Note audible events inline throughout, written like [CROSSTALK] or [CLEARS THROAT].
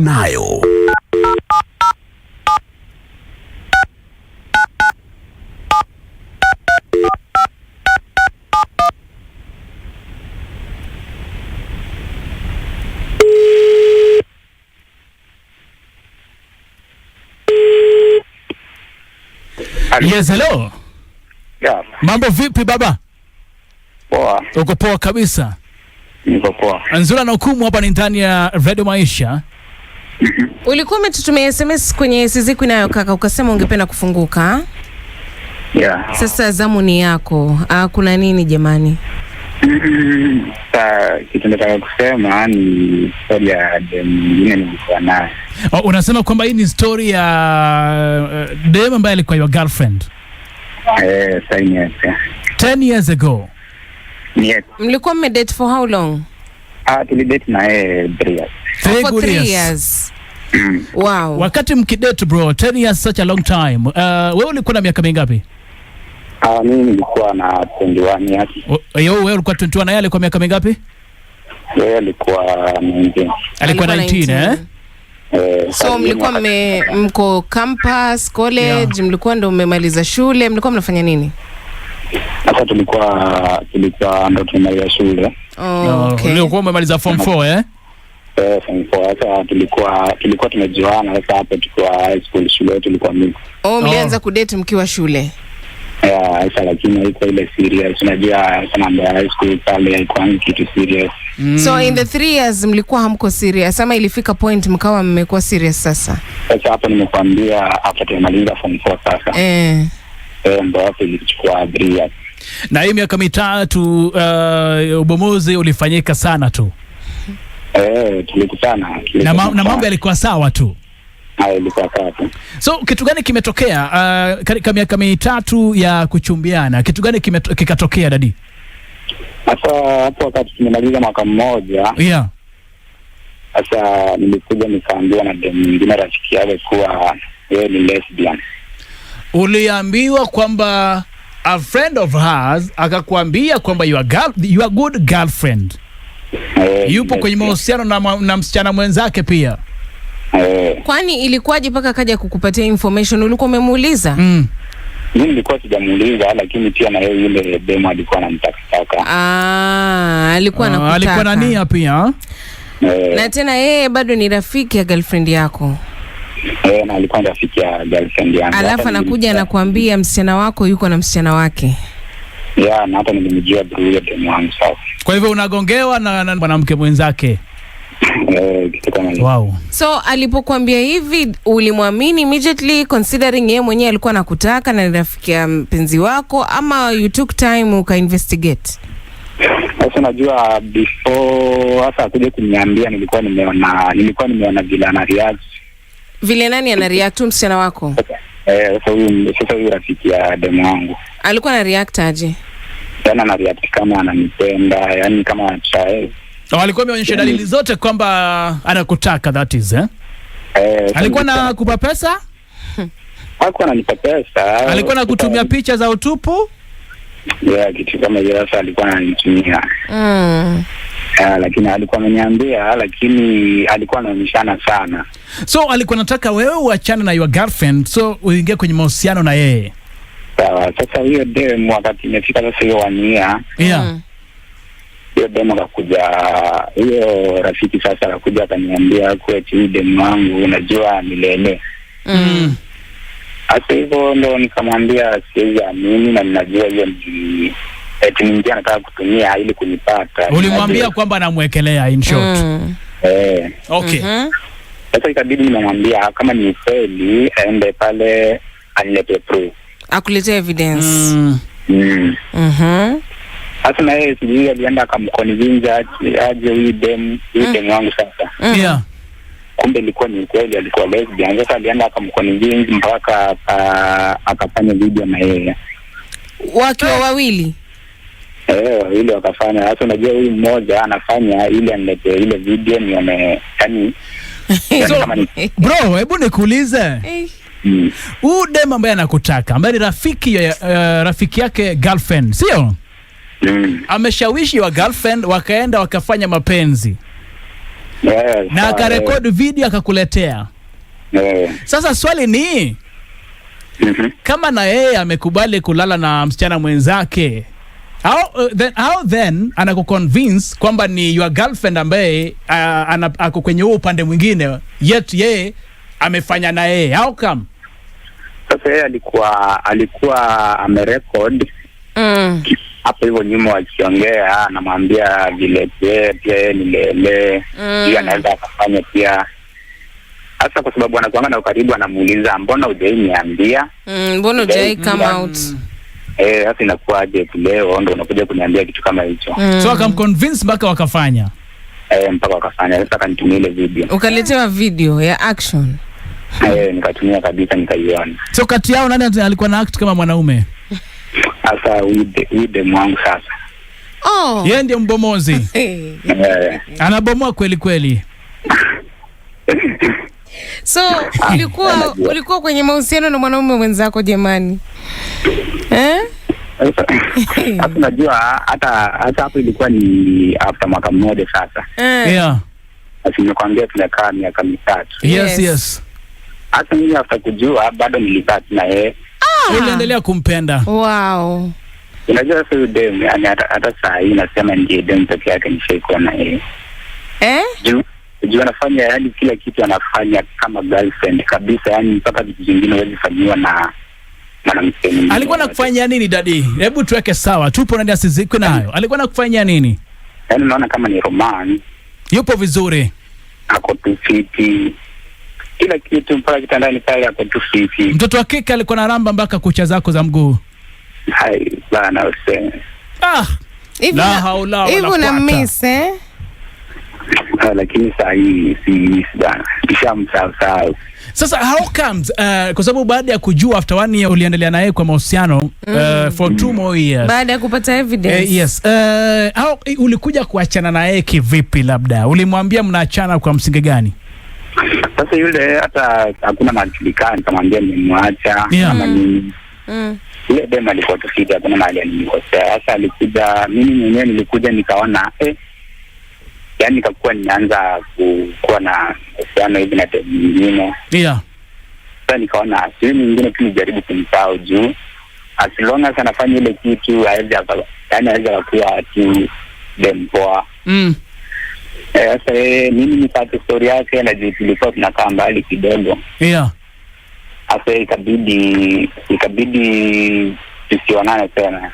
nayo. Yes, hello. Yeah. Mambo vipi baba? Poa. Uko poa kabisa. Niko poa. Nzula na hukumu hapa ni ndani ya Radio Maisha. Ulikuwa umetutumia SMS kwenye siziku nayo kaka, ukasema ungependa kufunguka. Yeah. Sasa zamu ni yako. Ah, kuna nini jamani? Sasa [CLEARS THROAT] kitu nataka kusema ni stori ya dem mwingine nilikuwa naye. Oh, unasema kwamba hii ni stori ya uh, dem ambaye alikuwa your girlfriend. Eh, 10 years. 10 years ago. Yes. Mlikuwa mmedate for how long? Ah, tulidate na yeye three years. Three for three years. Mm. Wow. Wakati mkidate bro, 10 years such a long time. Uh, wewe ulikuwa na miaka mingapi? Ah, mimi nilikuwa na 21 years. Eh, yo, wewe ulikuwa 21 na yeye alikuwa miaka mingapi? Yeye alikuwa 19. Alikuwa 19, eh? Eh, so mlikuwa mme mko campus, college, yeah. Mlikuwa ndo mmemaliza shule, mlikuwa mnafanya nini? hasa tulikuwa tulikuwa ndo tunamaliza shule. Oh, okay. Uliokuwa umemaliza form 4 eh? Eh, form 4. Sasa tulikuwa tulikuwa tumejuana sasa hapo tulikuwa high school shule yetu ilikuwa mimi. Oh, mlianza oh, kudate mkiwa shule. Yeah, sasa lakini haikuwa ile serious. Unajua sana ndio high school pale haikuwa kitu serious. Mm. So in the three years mlikuwa hamko serious ama ilifika point mkawa mmekuwa serious sasa? Sasa hapo nimekuambia hapo tumemaliza form 4 sasa. Eh. Eh, ndio hapo ilichukua 3 years na hii miaka mitatu uh, ubomozi ulifanyika sana tu eh, tulikutana na mambo ah, yalikuwa sawa tu So kitu gani kimetokea uh, katika miaka mitatu ya kuchumbiana, kitu gani kikatokea dadi? Sasa hapo wakati tumemaliza mwaka mmoja, yeah. Sasa nilikuja nikaambiwa na demu mwingine rafiki yake kuwa yeye ni lesbian. Uliambiwa kwamba a friend of hers akakwambia kwamba you are girl, you are good girlfriend eh, yupo kwenye mahusiano na, na msichana mwenzake pia eh. Kwani ilikuwaje mpaka akaja kukupatia information? Ulikuwa umemuuliza? mm. Mimi nilikuwa sijamuuliza, lakini pia na yeye yule demo alikuwa anamtakataka. Ah, alikuwa anakutaka. Ah, alikuwa na nia pia. Eh. Na tena yeye bado ni rafiki ya girlfriend yako e, na alikuwa rafiki ya girlfriend yangu, alafu anakuja anakuambia msichana wako yuko na msichana wake ya na hata nilimjua huyo demu wangu. Sawa, kwa hivyo unagongewa na mwanamke mwenzake [LAUGHS] eh, Wow. So alipokuambia hivi ulimwamini immediately considering yeye mwenyewe alikuwa anakutaka na rafiki ya mpenzi wako, ama you took time uka investigate? Sasa najua before hata kuja kuniambia, nilikuwa nimeona nilikuwa nimeona vile ana react vile nani anareact tu msichana wako? Eh, sasa huyu rafiki ya demu wangu alikuwa react aje? Yaani react kama ananipenda, yani kama anachae. Oh, alikuwa ameonyesha dalili yaani- zote kwamba anakutaka that is eh? Eh, alikuwa na kupa pesa? Hakuwa ananipa pesa. Alikuwa na kutumia picha za utupu? Yeah, kitu kama hiyo sasa alikuwa ananitumia. Mm. Uh, lakini alikuwa ameniambia, lakini alikuwa anaonyeshana sana, so alikuwa anataka wewe uachane na your girlfriend, so uingie kwenye mahusiano na yeye. Sawa. Sasa hiyo dem wakati imefika sasa, hiyo wania yeah mm. hiyo dem akakuja, hiyo rafiki sasa akakuja akaniambia, kweti huyu dem wangu unajua milele mm. Hata hivyo ndo nikamwambia siwezi amini na ninajua hiyo ni eh, timu nyingine anataka kutumia ili kunipata. Ulimwambia kwamba namwekelea in short? Mm. Eh. Okay. Mm-hmm. Sasa mm -hmm. Ikabidi nimemwambia kama ni ukweli aende pale anilete proof. Akuletea evidence. Mm. Mm. Mm-hmm. Sasa na yeye sijui alienda akamkonivinja aje huyu dem huyu mm. dem wangu sasa. Mm. Yeah. Kumbe ilikuwa ni ukweli, alikuwa lesbian. Sasa alienda mpaka akafanya video na yeye wakiwa eh. wawili eh, ile wakafanya Hata Unajua, huyu mmoja anafanya ile anilete ile video nione, yani bro, hebu nikuulize huyu eh. mm. dem ambaye anakutaka ambaye ni rafiki ya, uh, rafiki yake girlfriend sio? mm. ameshawishi wa girlfriend wakaenda wakafanya mapenzi yeah, na akarekodi video akakuletea yeah. Sasa swali ni mm -hmm. kama na yeye amekubali kulala na msichana mwenzake How, uh, then, how then anakuconvince kwamba ni your girlfriend ambaye uh, ako kwenye huo upande mwingine yet yeye amefanya na yeye how come? Sasa yeye alikuwa alikuwa amerekod mm. Hapo hivyo nyuma wakiongea, anamwambia vile pia yeye ni lele mm. anaweza akafanya pia hasa kwa sababu anakuanga na ukaribu, anamuuliza mbona hujai mm, mbona ujai come out mm eh, hasa inakuwaje leo ndo unakuja kuniambia kitu kama hicho mm. So akamconvince mpaka wakafanya eh, mpaka wakafanya. Sasa akanitumia ile video, ukaletewa video ya action eh, nikatumia kabisa, nikaiona. So kati yao nani alikuwa na act kama mwanaume? Sasa ude mwangu sasa Oh. Yeye ndiye mbomozi [LAUGHS] eh. Eh. anabomoa kweli kweli. [LAUGHS] So ulikuwa ulikuwa kwenye mahusiano na mwanaume mwenzako jamani, eh? Hapo [LAUGHS] unajua hata hata hapo ilikuwa ni after mwaka mmoja sasa. Eh. Yeah. Asi nimekuambia tumekaa miaka mitatu. Yes, yes. Hata mimi after kujua bado nilipata na yeye. Ah. Niliendelea kumpenda. Wow. Unajua sasa huyu dem yani hata, hata saa hii nasema ndiye dem peke yake nishaikuwa na yeye. Eh? Juu juu anafanya yani kila kitu anafanya kama girlfriend kabisa yani mpaka vitu vingine huwezi fanyiwa na Alikuwa nakufanyia nini dadi? Hebu tuweke sawa, tupo ndani asizikwe nayo. Yaani- alikuwa nakufanyia nini? Yaani naona kama ni romani, Yupo vizuri. Ako tu fiti. Kila kitu mpaka kitandani pale ako tu fiti. Mtoto wa kike alikuwa na ramba mpaka kucha zako za mguu. Hai, bana useme. Ah. Hivi haula hivi na miss eh? Ah, lakini saa hii si miss bana. Kishamsahau. Sasa how comes uh, kwa sababu baada ya kujua after one year uliendelea naye kwa mahusiano uh, mm. uh, for two more years baada ya kupata evidence uh, yes uh, how, ulikuja kuachana naye kivipi? Labda ulimwambia mnaachana kwa msingi gani? Sasa yule hata hakuna majulikani, kamwambia nimemwacha yeah. ama nini mm. Ile mm. Mm. dem alikuwa tofauti, hakuna mahali alinikosea. Sasa alikuja, mimi mwenyewe nilikuja nikaona eh yani nikakuwa ninaanza kuwa na uhusiano hivi na demu nyingine yeah. Sasa nikaona sehemu nyingine tu nijaribu kumsahau juu as long as anafanya ile kitu aweze yani aweze akakuwa tu demu poa mm. Eh, sasa yeye mimi nipate story yake, na juu tulikuwa tunakaa mbali kidogo yeah. Sasa ikabidi ikabidi tusionane tena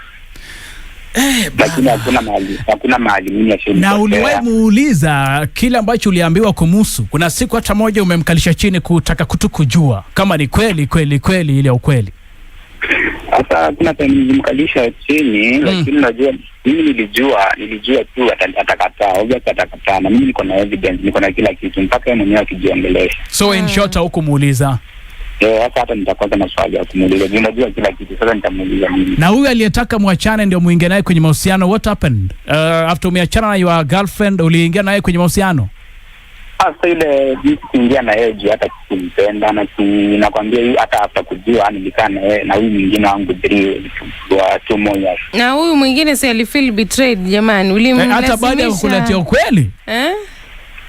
Eh, lakini hakuna mahali hakuna mahali mimi nasema. Na uliwahi muuliza kile ambacho uliambiwa kumhusu? Kuna siku hata moja umemkalisha chini kutaka kutu kujua kama ni kweli kweli kweli ile ukweli? Sasa kuna time nilimkalisha chini mm, lakini najua mimi nilijua nilijua tu atakataa, obviously atakataa, na mimi niko na evidence, niko na kila kitu, mpaka yeye mwenyewe akijiongelesha. So in short, hukumuuliza? Ndio hata na ya kumuuliza. kila kitu. Sasa nitamuuliza mimi. Na huyu aliyetaka mwachane ndio muingie naye kwenye mahusiano. What happened? Uh, after umeachana na your girlfriend uliingia naye kwenye mahusiano? Sasa ile mtu kuingia na yeye juu hata kumpenda na nakwambia hata hata kujua nilikaa yaani na yeye na huyu mwingine wangu wa two Na huyu mwingine si alifeel betrayed jamani. Ulimlazimisha. Eh, hata baada ya kukuletea ukweli? Eh?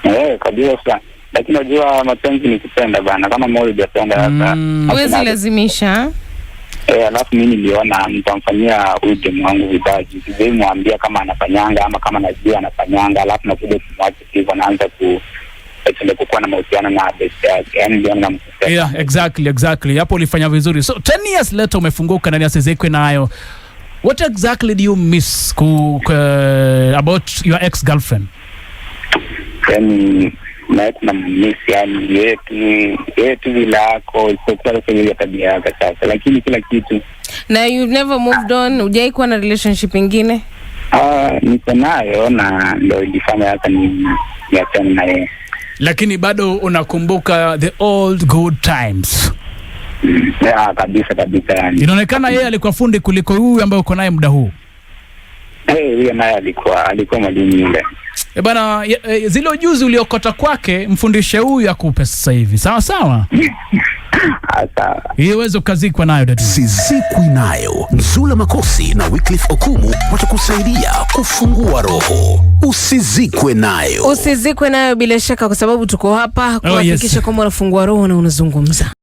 Eh, kabisa lakini unajua mapenzi ni kupenda bana, kama moyo hujapenda sasa mm. huwezi lazimisha Eh, alafu mi niliona nitamfanyia huyu demu wangu vibaji, sijai mwambia kama anafanyanga ama kama najua anafanyanga, alafu nakuja kumwacha hivyo, naanza ku kukuwa na mahusiano na best yake, yaani yeah, exactly exactly, hapo ulifanya vizuri. So 10 years later umefunguka ndani ya Sezekwe nayo, what exactly do you miss ku, ku, uh, about your ex girlfriend? Yaani naye kuna mmisi yani yetu yetu ako isipokuwa sasa hivi tabia yake sasa, lakini kila kitu na you've never moved on. Hujai kuwa na relationship ingine? Uh, niko nayo na ndo ilifanya hata ni niachane na yeye, lakini bado unakumbuka the old good times? Mm, ah, kabisa kabisa. Yani inaonekana yeye alikuwa fundi kuliko huyu ambaye uko naye muda huu. Eh, hey, huyo naye alikuwa alikuwa mwalimu yule E bana, eh, zile ujuzi uliokota kwake mfundishe huyu akupe sasa hivi, sawa sawa. Hii uweze ukazikwa nayo dada. Sizikwi nayo. Nzula Makosi na Wiklif Okumu watakusaidia kufungua roho. Usizikwe nayo. Usizikwe nayo bila shaka, kwa sababu tuko hapa kuhakikisha oh, yes, kwamba unafungua roho na unazungumza.